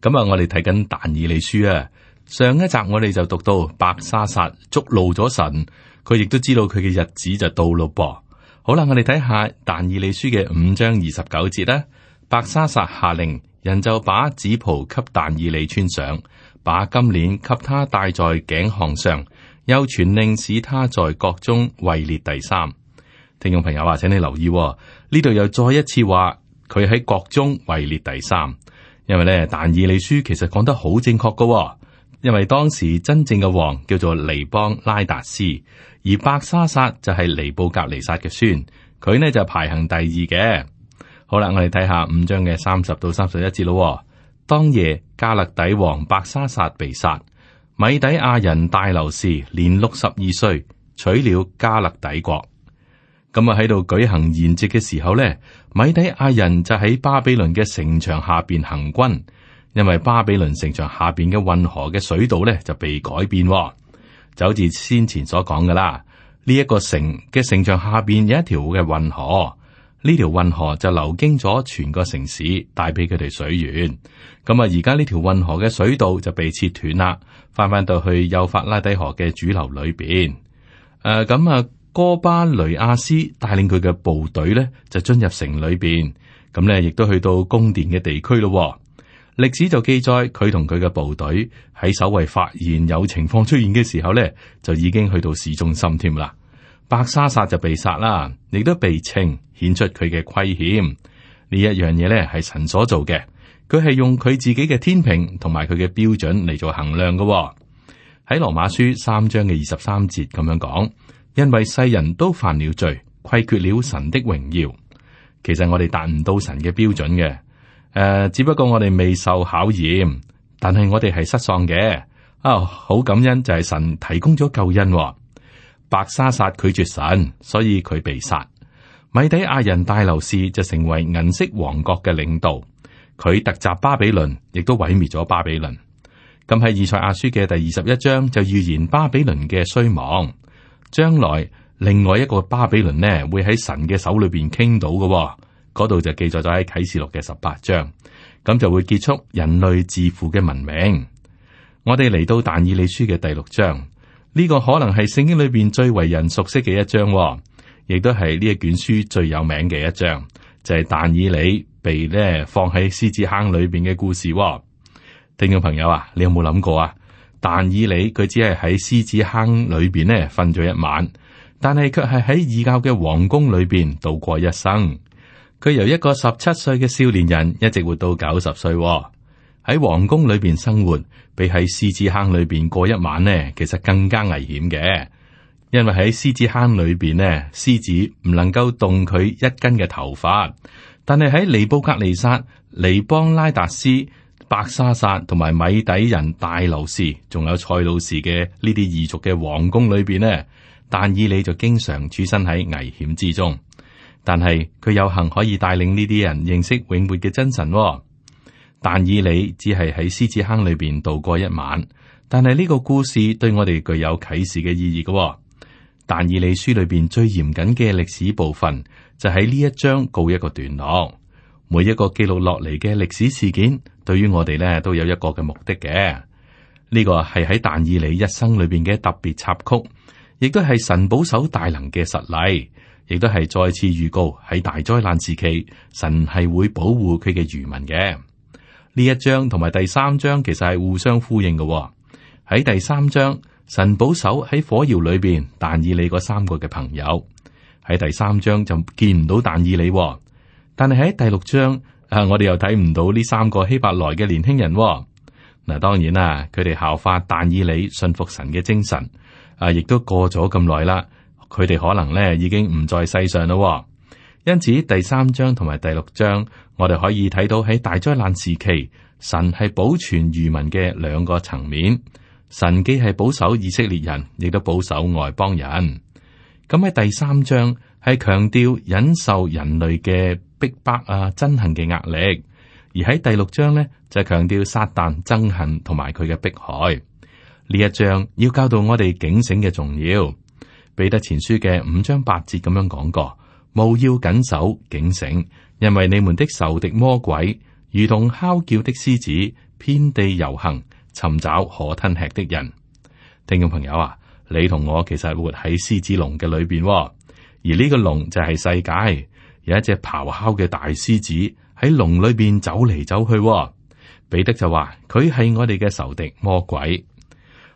咁啊！我哋睇緊但以理書啊，上一集我哋就讀到伯沙撒觸怒咗神，佢亦都知道佢嘅日子就到咯噃。好啦，我哋睇下但以理書嘅五章二十九節啦。伯沙撒下令，人就把紫袍給但以理穿上，把金鏈給他戴在頸項上，又傳令使他在國中位列第三。聽眾朋友啊，請你留意呢度又再一次話佢喺國中位列第三。因為咧，但以理書其實講得好正確嘅喎。因為當時真正嘅王叫做尼邦拉達斯，而白莎撒就係尼布甲尼撒嘅孫，佢呢就排行第二嘅。好啦，我哋睇下五章嘅三十到三十一節咯。當夜加勒底王白莎撒被殺，米底亞人大流士年六十二歲，取了加勒底國。咁啊喺度舉行筵席嘅時候呢，米底亞人就喺巴比倫嘅城牆下邊行軍，因為巴比倫城牆下邊嘅運河嘅水道呢，就被改變，就好似先前所講嘅啦。呢、這、一個城嘅城牆下邊有一條嘅運河，呢條運河就流經咗全個城市，帶俾佢哋水源。咁、嗯、啊，而家呢條運河嘅水道就被切斷啦，翻翻到去幼發拉底河嘅主流裏邊。誒、嗯，咁、嗯、啊。嗯嗯哥巴雷亞斯帶領佢嘅部隊咧，就進入城裏邊咁咧，亦都去到宮殿嘅地區咯。歷史就記載佢同佢嘅部隊喺守衛發現有情況出現嘅時候咧，就已經去到市中心添啦。白沙薩就被殺啦，亦都被稱顯出佢嘅虧欠呢一樣嘢咧，係神所做嘅。佢係用佢自己嘅天平同埋佢嘅標準嚟做衡量噶。喺羅馬書三章嘅二十三節咁樣講。因為世人都犯了罪，虧缺了神的榮耀。其實我哋達唔到神嘅標準嘅。誒、呃，只不過我哋未受考驗，但係我哋係失喪嘅啊、哦。好感恩就係神提供咗救恩、哦。白沙殺拒絕神，所以佢被殺。米底亞人大流士就成為銀色王國嘅領導，佢突襲巴比倫，亦都毀滅咗巴比倫。咁喺以賽亞書嘅第二十一章就預言巴比倫嘅衰亡。將來另外一個巴比倫呢，會喺神嘅手裏邊傾到嘅，嗰度就記載咗喺啟示錄嘅十八章，咁就會結束人類自負嘅文明。我哋嚟到但以理書嘅第六章呢，個可能係聖經裏邊最為人熟悉嘅一章，哦，亦都係呢一卷書最有名嘅一章，就係但以理被呢放喺獅子坑裏邊嘅故事，哦。聽眾朋友啊，你有冇諗過啊？但以理佢只係喺獅子坑裏邊呢瞓咗一晚，但係卻係喺異教嘅皇宮裏邊度過一生。佢由一個十七歲嘅少年人一直活到九十歲喎。喺皇宮裏邊生活，比喺獅子坑裏邊過一晚呢，其實更加危險嘅。因為喺獅子坑裏邊呢，獅子唔能夠動佢一根嘅頭髮，但係喺尼布甲尼撒、尼邦拉達斯。伯沙撒同埋米底人大流士，仲有賽魯士嘅呢啲異族嘅皇宮裏邊呢，但以理就經常處身喺危險之中，但係佢有幸可以帶領呢啲人認識永活嘅真神。但以理只係喺獅子坑裏邊度過一晚，但係呢個故事對我哋具有啟示嘅意義嘅。但以理書裏邊最嚴謹嘅歷史部分，就喺呢一章告一個段落。每一個記錄落嚟嘅歷史事件，對於我哋呢都有一個嘅目的嘅。呢個係喺但以理一生裏邊嘅特別插曲，亦都係神保守大能嘅實例，亦都係再次預告喺大災難時期，神係會保護佢嘅餘民嘅。呢一章同埋第三章其實係互相呼應嘅、哦。喺第三章，神保守喺火窯裏邊但以理嗰三個嘅朋友；喺第三章就見唔到但以理、哦。但係喺第六章啊，我哋又睇唔到呢三個希伯來嘅年輕人、哦。嗱、啊，當然啦、啊，佢哋效法但以理信服神嘅精神，啊，亦都過咗咁耐啦。佢哋可能咧已經唔在世上咯、哦。因此，第三章同埋第六章，我哋可以睇到喺大災難時期，神係保存餘民嘅兩個層面。神既係保守以色列人，亦都保守外邦人。咁、啊、喺第三章。係強調忍受人類嘅逼迫啊，憎恨嘅壓力。而喺第六章呢，就係強調撒旦憎恨同埋佢嘅迫害，呢一章，要教導我哋警醒嘅重要。彼得前書嘅五章八節咁樣講過，務要謹守警醒，因為你們的仇敵魔鬼如同吼叫的獅子，遍地遊行，尋找可吞吃的人。聽眾朋友啊，你同我其實係活喺獅子籠嘅裏邊哦。而呢個籠就係世界，有一隻咆哮嘅大獅子喺籠裏邊走嚟走去。彼得就話佢係我哋嘅仇敵魔鬼。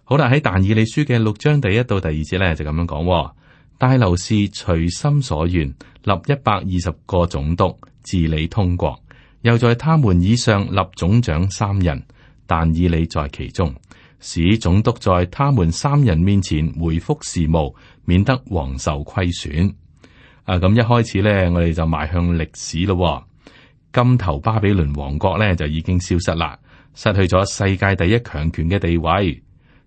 好啦，喺但以理書嘅六章第一到第二節咧就咁樣講：大流士隨心所願立一百二十個總督治理通國，又在他們以上立總長三人，但以理在其中，使總督在他們三人面前回復事務。免得王受虧損啊！咁一開始呢，我哋就邁向歷史咯、哦。金頭巴比倫王國呢，就已經消失啦，失去咗世界第一強權嘅地位，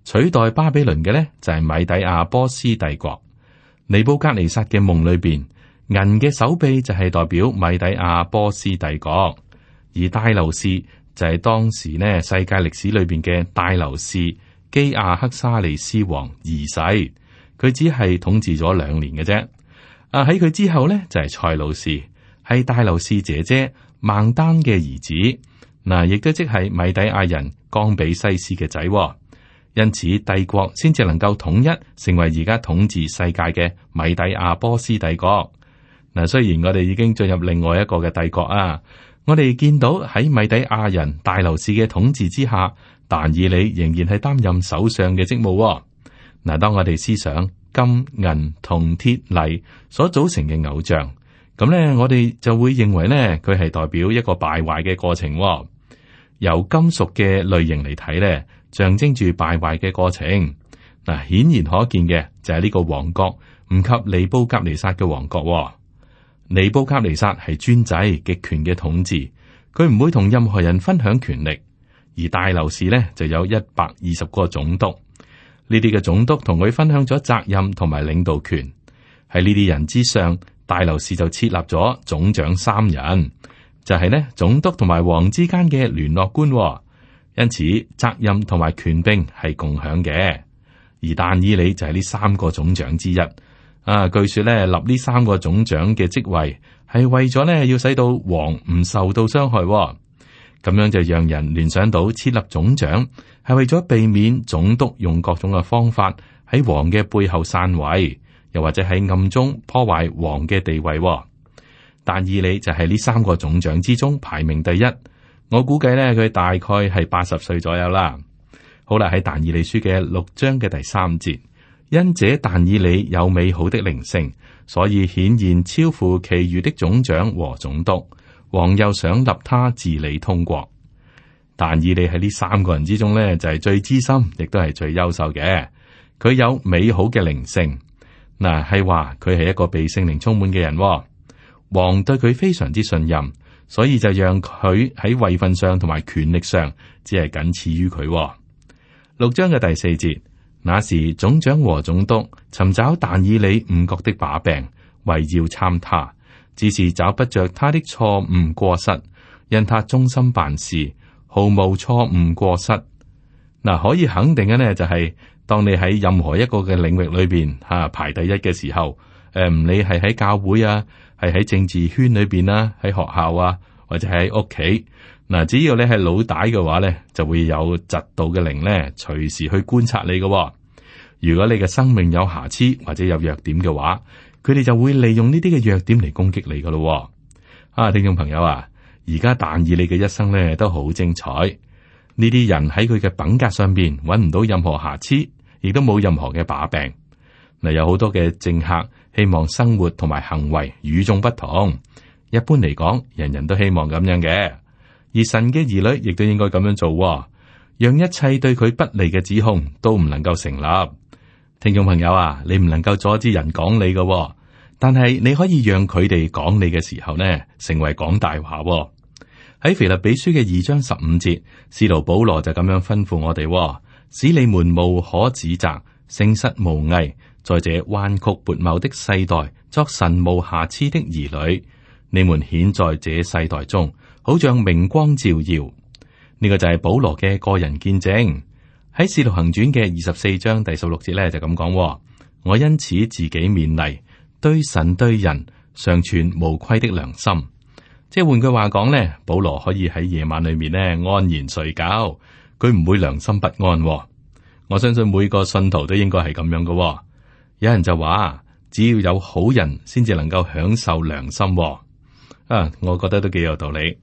取代巴比倫嘅呢，就係、是、米底亞波斯帝國。尼布甲尼撒嘅夢裏邊，銀嘅手臂就係代表米底亞波斯帝國，而大流士就係當時呢世界歷史裏邊嘅大流士基亞克沙尼斯王二世。佢只係統治咗兩年嘅啫，啊喺佢之後呢，就係、是、蔡路士，係大路士姐姐孟丹嘅兒子，嗱亦都即係米底亞人岡比西斯嘅仔，因此帝國先至能夠統一，成為而家統治世界嘅米底亞波斯帝國。嗱，雖然我哋已經進入另外一個嘅帝國啊，我哋見到喺米底亞人大路士嘅統治之下，但以理仍然係擔任首相嘅職務。嗱，當我哋思想金、銀、銅、鐵、泥所組成嘅偶像，咁咧我哋就會認為咧佢係代表一個敗壞嘅過程。由金屬嘅類型嚟睇咧，象徵住敗壞嘅過程。嗱，顯然可見嘅就係呢個王國唔及尼布甲尼撒嘅王國。尼布甲尼撒係專制極權嘅統治，佢唔會同任何人分享權力，而大流士呢，就有一百二十個總督。呢啲嘅總督同佢分享咗責任同埋領導權，喺呢啲人之上，大樓市就設立咗總長三人，就係、是、呢總督同埋王之間嘅聯絡官。因此，責任同埋權柄係共享嘅。而但以理就係呢三個總長之一。啊，據說咧立呢三個總長嘅職位係為咗咧要使到王唔受到傷害，咁樣就讓人聯想到設立總長係為咗避免總督用各種嘅方法喺王嘅背後散位，又或者喺暗中破壞王嘅地位。但以理就係呢三個總長之中排名第一，我估計呢，佢大概係八十歲左右啦。好啦，喺但以理書嘅六章嘅第三節，因者但以理有美好的靈性，所以顯然超乎其餘的總長和總督，王又想立他治理通國。但以理喺呢三個人之中呢，就係、是、最知心，亦都係最優秀嘅。佢有美好嘅靈性，嗱係話佢係一個被聖靈充滿嘅人，哦。王對佢非常之信任，所以就讓佢喺位份上同埋權力上只僅次於，哦，只係僅次於佢六章嘅第四節。那時總長和總督尋找但以理五國的把柄，圍繞參他，只是找不着他的錯誤過失，因他忠心辦事。毫無錯誤過失，嗱、啊、可以肯定嘅呢，就係、是、當你喺任何一個嘅領域裏邊吓、啊、排第一嘅時候，誒唔理係喺教會啊，係喺政治圈裏邊啦、啊，喺學校啊，或者喺屋企，嗱、啊、只要你係老大嘅話呢，就會有嫉妒嘅靈呢，隨時去觀察你嘅、哦。如果你嘅生命有瑕疵或者有弱點嘅話，佢哋就會利用呢啲嘅弱點嚟攻擊你噶咯、哦。啊，聽眾朋友啊！而家但以理嘅一生呢，都好精彩。呢啲人喺佢嘅品格上邊揾唔到任何瑕疵，亦都冇任何嘅把柄。嗱，有好多嘅政客希望生活同埋行為與眾不同。一般嚟講，人人都希望咁樣嘅。而神嘅兒女亦都應該咁樣做、哦，讓一切對佢不利嘅指控都唔能夠成立。聽眾朋友啊，你唔能夠阻止人講你嘅、哦，但係你可以讓佢哋講你嘅時候呢，成為講大話。喺腓立比書嘅二章十五節，使徒保羅就咁樣吩咐我哋：使你們無可指責，誠實無偽，在這彎曲悖謬的世代，作神無瑕疵的兒女。你們顯在這世代中，好像明光照耀。呢個就係保羅嘅個人見證。喺使徒行傳嘅二十四章第十六節咧，就咁講：我因此自己勉勵，對神對人，常存無虧的良心。即係換句話講咧，保羅可以喺夜晚裏面咧安然睡覺，佢唔會良心不安、哦。我相信每個信徒都應該係咁樣嘅、哦。有人就話，只要有好人先至能夠享受良心、哦。啊，我覺得都幾有道理。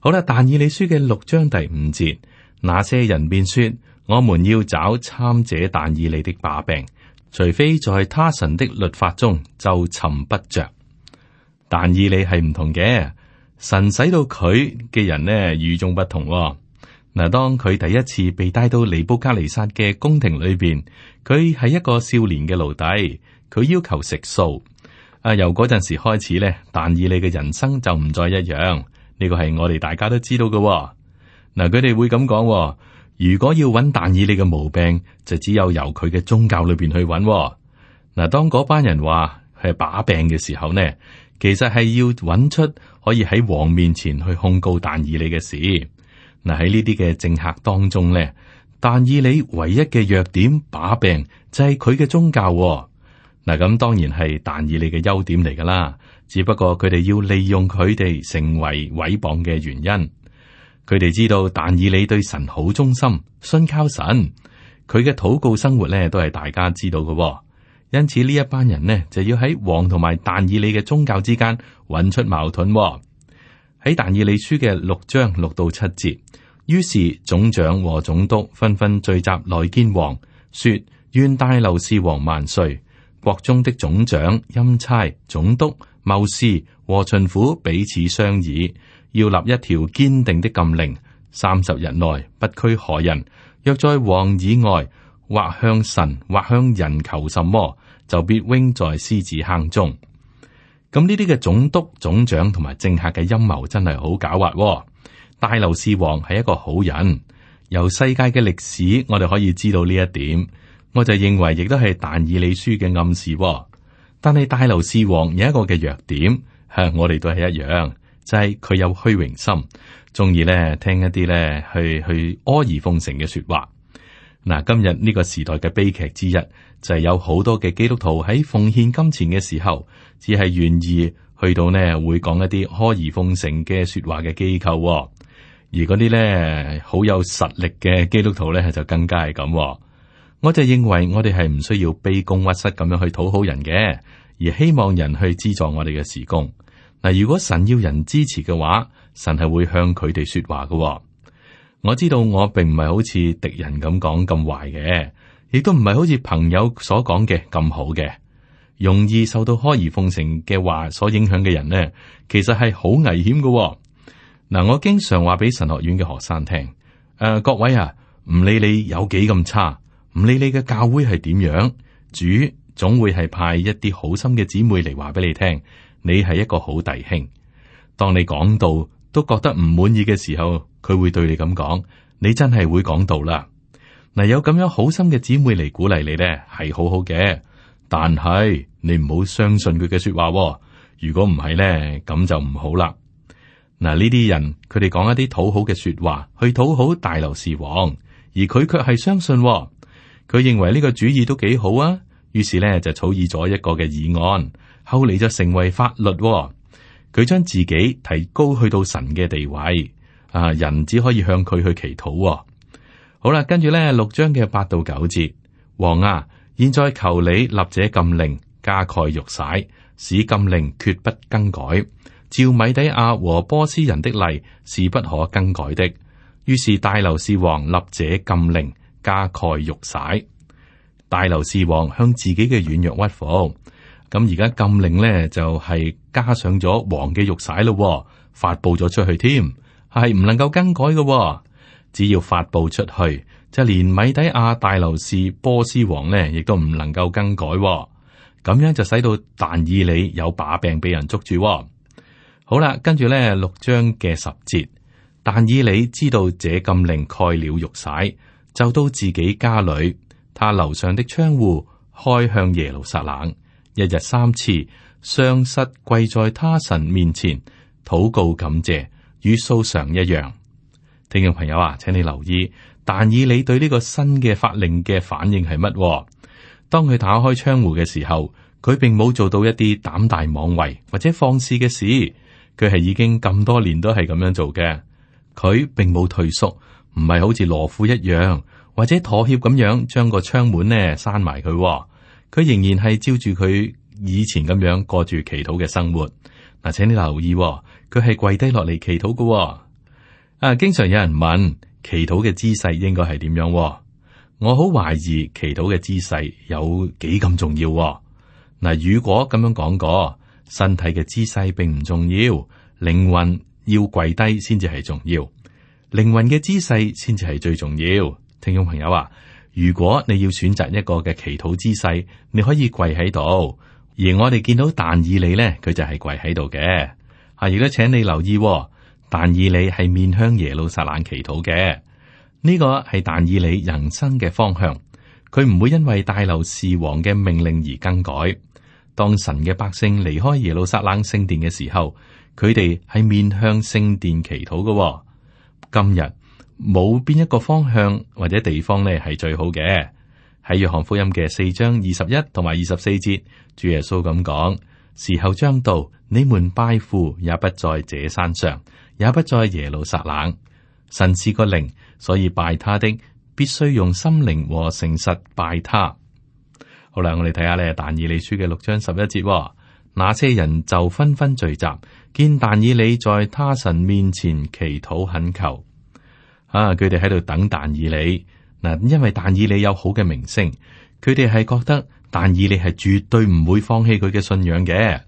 好啦，但以理書嘅六章第五節，那些人便說，我們要找參者但以理的把柄，除非在他神的律法中就尋不着。但以理係唔同嘅。神使到佢嘅人呢，與眾不同、哦。嗱，當佢第一次被帶到尼布甲尼撒嘅宮廷裏邊，佢係一個少年嘅奴隸，佢要求食素。啊，由嗰陣時開始咧，但以理嘅人生就唔再一樣。呢個係我哋大家都知道嘅、哦。嗱、啊，佢哋會咁講、哦，如果要揾但以理嘅毛病，就只有由佢嘅宗教裏邊去揾、哦。嗱、啊，當嗰班人話係把柄嘅時候呢，其實係要揾出可以喺王面前去控告但以理嘅事。嗱，喺呢啲嘅政客當中咧，但以理唯一嘅弱點把柄就係佢嘅宗教。嗱，咁當然係但以理嘅優點嚟噶啦，只不過佢哋要利用佢哋成為毀謗嘅原因。佢哋知道但以理對神好忠心，信靠神，佢嘅禱告生活咧都係大家知道噶。因此呢一班人呢就要喺王同埋但以理嘅宗教之間揾出矛盾，哦。喺但以理書嘅六章六到七節，於是總長和總督紛紛，紛聚集來見王，說，願大流士王萬歲！國中的總長、欽差、總督、謀士和巡撫彼此商議，要立一條堅定的禁令：三十日內不拘何人，若在王以外或向神或向人求什麼，就必扔在獅子坑中。咁呢啲嘅總督、總長同埋政客嘅陰謀真係好狡猾喎。大流士王係一個好人，由世界嘅歷史我哋可以知道呢一點。我就認為亦都係但以理書嘅暗示喎。但係大流士王有一個嘅弱點，向我哋都係一樣，就係、是、佢有虛榮心，中意咧聽一啲咧去去阿諛奉承嘅說話。嗱，今日呢個時代嘅悲劇之一，就係、是、有好多嘅基督徒喺奉獻金錢嘅時候，只係願意去到呢會講一啲阿諛奉承嘅說話嘅機構、哦，而嗰啲呢好有實力嘅基督徒呢，就更加係咁、哦。我就認為我哋係唔需要卑躬屈膝咁樣去討好人嘅，而希望人去資助我哋嘅事工。嗱，如果神要人支持嘅話，神係會向佢哋說話嘅、哦。我知道我並唔係好似敵人咁講咁壞嘅，亦都唔係好似朋友所講嘅咁好嘅。容易受到虛言奉承嘅話所影響嘅人咧，其實係好危險嘅、哦。嗱，我經常話俾神學院嘅學生聽，誒、呃，各位啊，唔理你有幾咁差，唔理你嘅教會係點樣，主總會係派一啲好心嘅姊妹嚟話俾你聽，你係一個好弟兄。當你講到都覺得唔滿意嘅時候。佢會對你咁講，你真係會講道啦。嗱，有咁樣好心嘅姊妹嚟鼓勵你咧，係好好嘅。但係你唔好相信佢嘅說，、哦、說，說話。如果唔係咧，咁就唔好啦。嗱，呢啲人佢哋講一啲討好嘅說話去討好大流士王，而佢卻係相信佢、哦、認為呢個主意都幾好啊。於是咧就草擬咗一個嘅議案，後嚟，就成為法律、喎。佢將自己提高去到神嘅地位。啊！人只可以向佢去祈禱、哦。好啦，跟住咧六章嘅八到九節，王啊，現在求你立者禁令，加蓋玉玺，使禁令決不更改。照米底亞和波斯人的例，是不可更改的。於是大流士王立者禁令，加蓋玉玺。大流士王向自己嘅軟弱屈服。咁而家禁令呢，就係、是、加上咗王嘅玉玺咯、哦，發布咗出去添。係唔能夠更改嘅、哦，只要發布出去，就係連米底亞大樓市波斯王呢，亦都唔能夠更改、哦。咁樣就使到但以理有把柄俾人捉住、哦。好啦，跟住呢六章嘅十節，但以理知道這禁令蓋了玉璽，就到自己家裏，他樓上的窗戶開向耶路撒冷，日日三次雙膝跪在他神面前禱告感謝。與素常一樣，聽眾朋友啊，請你留意。但以理對呢個新嘅法令嘅反應係乜？當佢打開窗戶嘅時候，佢並冇做到一啲膽大妄為或者放肆嘅事。佢係已經咁多年都係咁樣做嘅。佢並冇退縮，唔係好似羅富一樣或者妥協咁樣將個窗門呢閂埋佢。佢仍然係照住佢以前咁樣過住祈禱嘅生活。嗱，請你留意喎，佢係跪低落嚟祈禱嘅喎。啊，經常有人問祈禱嘅姿勢應該係點樣喎？我好懷疑祈禱嘅姿勢有幾咁重要喎。嗱、啊，如果咁樣講過，身體嘅姿勢並唔重要，靈魂要跪低先至係重要，靈魂嘅姿勢先至係最重要。聽眾朋友啊，如果你要選擇一個嘅祈禱姿勢，你可以跪喺度。而我哋見到但以理呢，佢就係跪喺度嘅。而家咧，請你留意、哦，但以理係面向耶路撒冷祈禱嘅。呢、這個係但以理人生嘅方向，佢唔會因為大流士王嘅命令而更改。當神嘅百姓離開耶路撒冷聖殿嘅時候，佢哋係面向聖殿祈禱嘅、哦。今日冇邊一個方向或者地方呢，係最好嘅。喺約翰福音嘅四章二十一同埋二十四節，主耶穌咁講：時候將到，你們拜父也不在這山上，也不在耶路撒冷。神是個靈，所以拜他的必須用心靈和誠實拜他。好啦，我哋睇下呢，但以理書嘅六章十一節，那些人就紛紛聚集，見但以理在他神面前祈禱懇求。啊，佢哋喺度等但以理。因為但以理有好嘅名聲，佢哋係覺得但以理係絕對唔會放棄佢嘅信仰嘅。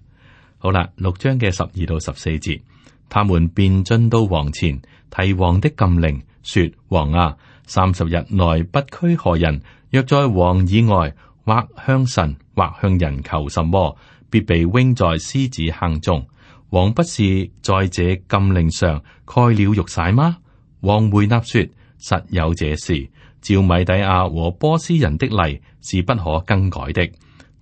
好啦，六章嘅十二到十四節，他們便進到王前，提王的禁令，說：王啊，三十日內不拘何人，若在王以外或向神或向人求什麼，必被扔在獅子坑中。王不是在這禁令上蓋了玉璽嗎？王回答說：實有這事。照米底亞和波斯人的例是不可更改的。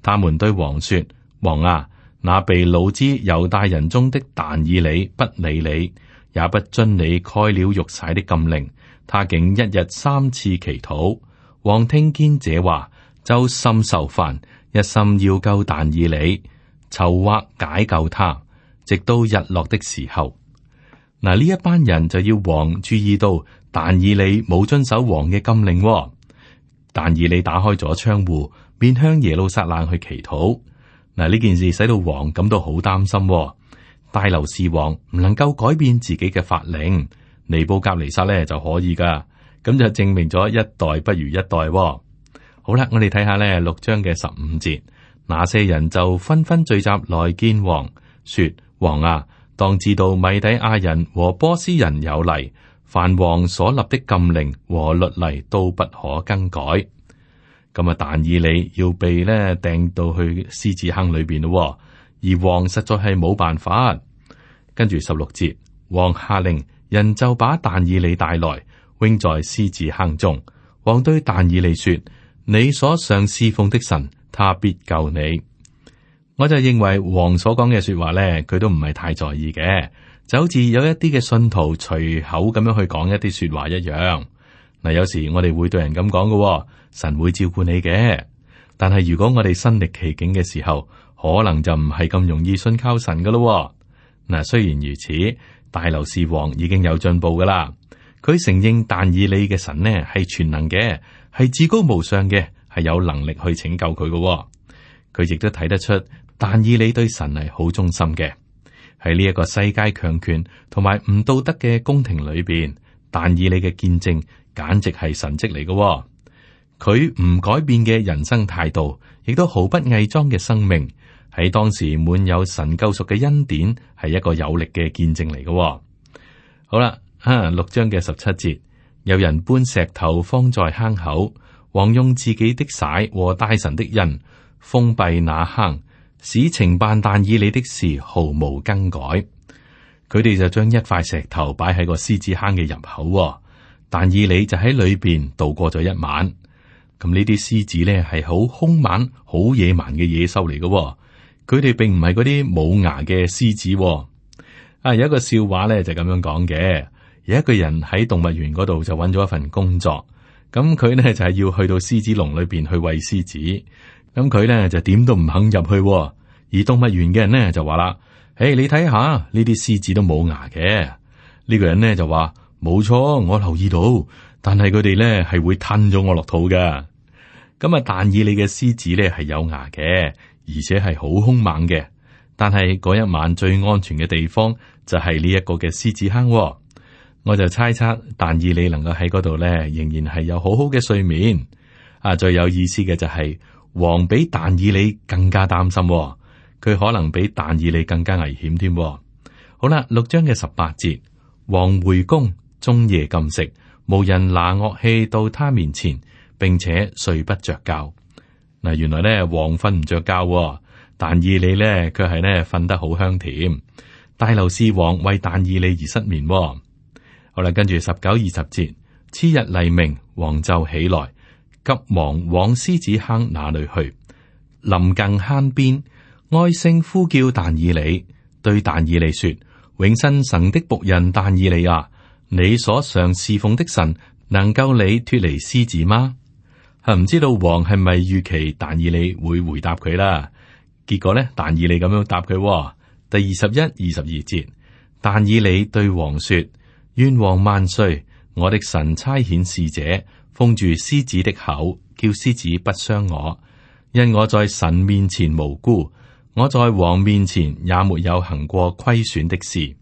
他們對王說：王啊，那被擄之猶大人中的但以理不理你，也不遵你蓋了玉璽的禁令，他竟一日三次祈禱。王聽見這話，就心受煩，一心要救但以理，籌劃解救他，直到日落的時候。嗱，呢一班人就要王注意到。但以理冇遵守王嘅禁令，但以理打開咗窗戶，面向耶路撒冷去祈禱，嗱，呢件事使到王感到好擔心。大流士王唔能夠改變自己嘅法令，尼布甲尼撒咧就可以噶，咁就證明咗一代不如一代。好啦，我哋睇下呢六章嘅十五節，那些人就紛紛聚集來見王，說：王啊，當知道米底亞人和波斯人有嚟。凡王所立的禁令和律例都不可更改。咁啊，但以理要被咧掟到去獅子坑裏邊咯，哦，而王實在係冇辦法。跟住十六節，王下令人就把但以理帶來，扔在獅子坑中。王對但以理說：你所上侍奉的神，他必救你。我就認為王所講嘅說話咧，佢都唔係太在意嘅，就好似有一啲嘅信徒隨口咁樣去講一啲說話一樣。嗱、啊，有時我哋會對人咁講嘅，神會照顧你嘅。但係如果我哋身歷其境嘅時候，可能就唔係咁容易信靠神噶啦、哦。嗱、啊，雖然如此，大流士王已經有進步噶啦，佢承認但以理嘅神呢係全能嘅，係至高無上嘅，係有能力去拯救佢嘅、哦。佢亦都睇得出，但以理對神係好忠心嘅，喺呢一個世界強權同埋唔道德嘅宮廷裏邊，但以理嘅見證，簡直係神蹟嚟嘅、哦。佢唔改變嘅人生態度，亦都毫不偽裝嘅生命，喺當時滿有神救贖嘅恩典，係一個有力嘅見證嚟嘅、哦。好啦，吓、啊、六章嘅十七節，有人搬石頭放在坑口，王用自己的璽和大臣的印封閉那坑。史情扮但以你的事毫無更改，佢哋就將一塊石頭擺喺個獅子坑嘅入口。但以你就喺裏邊度過咗一晚。咁呢啲獅子咧係好凶猛、好野蠻嘅野獸嚟嘅。佢哋並唔係嗰啲冇牙嘅獅子。啊，有一個笑話咧就咁樣講嘅。有一個人喺動物園嗰度就搵咗一份工作，咁佢咧就係、是、要去到獅子籠裏邊去餵獅子。咁佢咧就點都唔肯入去，哦，而動物園嘅人咧就話啦，誒，你睇下呢啲獅子都冇牙嘅呢？這個人咧就話冇錯，我留意到，但係佢哋咧係會吞咗我落肚嘅。咁啊，但以理嘅獅子咧係有牙嘅，而且係好兇猛嘅。但係嗰一晚最安全嘅地方就係呢一個嘅獅子坑，哦。我就猜測，但以理能夠喺嗰度咧，仍然係有好好嘅睡眠。啊，最有意思嘅就係、是。王比但以理更加擔心、哦，佢可能比但以理更加危險添、哦。好啦，六章嘅十八節，王回宮，終夜禁食，無人拿樂器到他面前，並且睡不着覺。嗱，原來咧，王瞓唔着覺、哦，但以理咧，佢係咧瞓得好香甜。大流士王為但以理而失眠、哦。好啦，跟住十九、二十節，次日黎明，王就起來。急忙往獅子坑那裏去，臨近坑邊，哀聲呼叫但以理。對但以理說：永生神的僕人但以理啊，你所常侍奉的神能夠你脱離獅子嗎？係唔知道王係咪預期但以理會回答佢啦？結果呢，但以理咁樣答佢。第二十一、二十二節，但以理對王說：願王萬歲！我的神差遣使者。封住獅子的口，叫獅子不傷我，因我在神面前無辜，我在王面前也沒有行過虧損的事。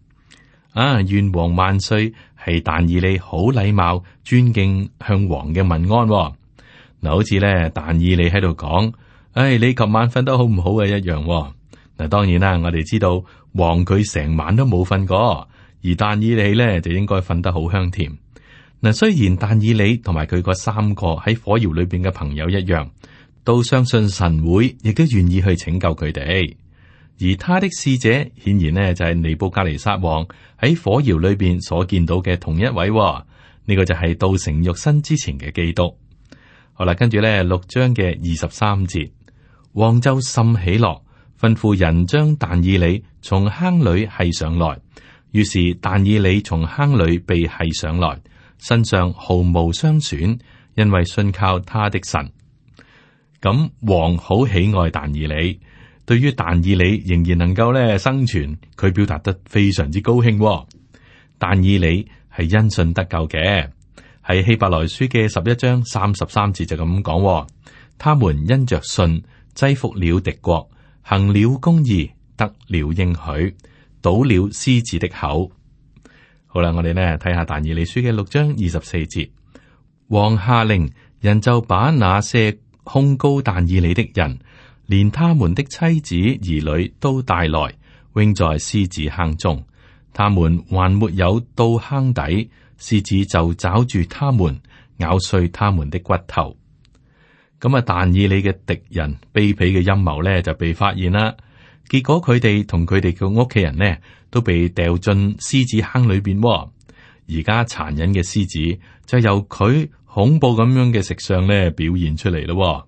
啊，願王萬歲！係但以理，好禮貌、尊敬向王嘅問安、哦。嗱，好似咧，但以理喺度講：唉、哎，你琴晚瞓得好唔好啊？一樣、哦。嗱，當然啦，我哋知道王佢成晚都冇瞓過，而但以理咧就應該瞓得好香甜。嗱，雖然但以理同埋佢個三個喺火窯裏邊嘅朋友一樣，都相信神會，亦都願意去拯救佢哋。而他的使者顯然呢，就係尼布加尼撒王喺火窯裏邊所見到嘅同一位、哦。呢、這個就係道成肉身之前嘅基督。好啦，跟住咧六章嘅二十三節，王就甚喜樂，吩咐人將但以理從坑裏繫上來。於是但以理從坑裏被繫上來。身上毫無傷損，因為信靠他的神。咁王好喜愛但以理，對於但以理仍然能夠咧生存，佢表達得非常之高興。但以理係因信得救嘅。喺希伯來書嘅十一章三十三節就咁講：他們因着信，制服了敵國，行了公義，得了應許，堵了獅子的口。好啦，我哋呢睇下但以理書嘅六章二十四節，王下令，人就把那些控告但以理的人，連他們的妻子兒女都帶來，扔在獅子坑中。他們還沒有到坑底，獅子就抓住他們，咬碎他們的骨頭。咁啊，但以理嘅敵人卑鄙嘅陰謀呢，就被發現啦。結果佢哋同佢哋嘅屋企人呢，都被掉進獅子坑裏邊。而家殘忍嘅獅子就是，由佢恐怖咁樣嘅食相咧表現出嚟咯。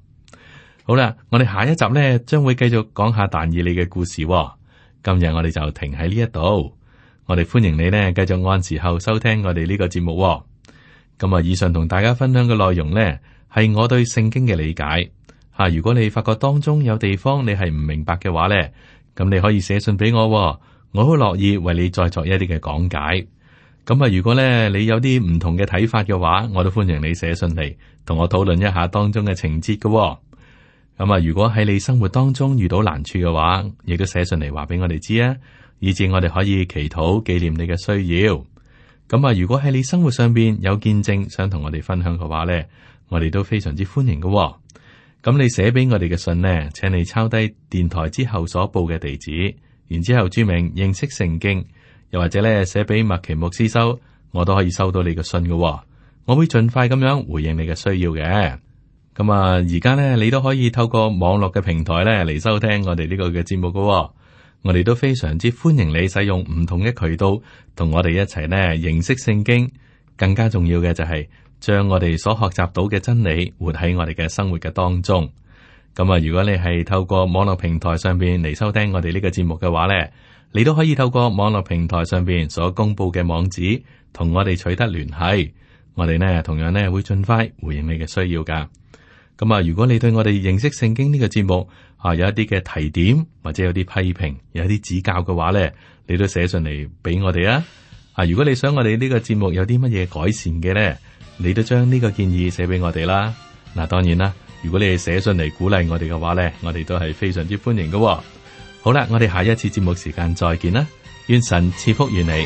好啦，我哋下一集咧將會繼續講下但以理嘅故事。今日我哋就停喺呢一度。我哋歡迎你呢繼續按時候收聽我哋呢個節目。咁啊，以上同大家分享嘅內容呢，係我對聖經嘅理解。吓，如果你發覺當中有地方你係唔明白嘅話呢，咁你可以寫信俾我，我好樂意為你再作一啲嘅講解。咁啊，如果咧你有啲唔同嘅睇法嘅話，我都歡迎你寫信嚟同我討論一下當中嘅情節。噶咁啊，如果喺你生活當中遇到難處嘅話，亦都寫信嚟話俾我哋知啊，以至我哋可以祈禱紀念你嘅需要。咁啊，如果喺你生活上邊有見證想同我哋分享嘅話呢，我哋都非常之歡迎嘅。.咁你寫俾我哋嘅信呢，請你抄低電台之後所報嘅地址，然之後注明認識聖經，又或者咧寫俾麥奇牧師收，我都可以收到你嘅信嘅、哦。我會盡快咁樣回應你嘅需要嘅。咁啊，而家呢，你都可以透過網絡嘅平台咧嚟收聽我哋呢個嘅節目嘅、哦。我哋都非常之歡迎你使用唔同嘅渠道同我哋一齊呢認識聖經。更加重要嘅就係、是。將我哋所學習到嘅真理活喺我哋嘅生活嘅當中。咁啊，如果你係透過網絡平台上邊嚟收聽我哋呢個節目嘅話呢，你都可以透過網絡平台上邊所公布嘅網址同我哋取得聯繫。我哋呢同樣呢會盡快回應你嘅需要噶。咁啊，如果你對我哋認識聖經呢個節目啊有一啲嘅提點，或者有啲批評，有一啲指教嘅話呢，你都寫上嚟俾我哋啊。啊，如果你想我哋呢個節目有啲乜嘢改善嘅呢？你都將呢個建議寫俾我哋啦，嗱，當然啦，如果你係寫信嚟鼓勵我哋嘅話咧，我哋都係非常之歡迎嘅，哦。好啦，我哋下一次節目時間再見啦，願神賜福與你。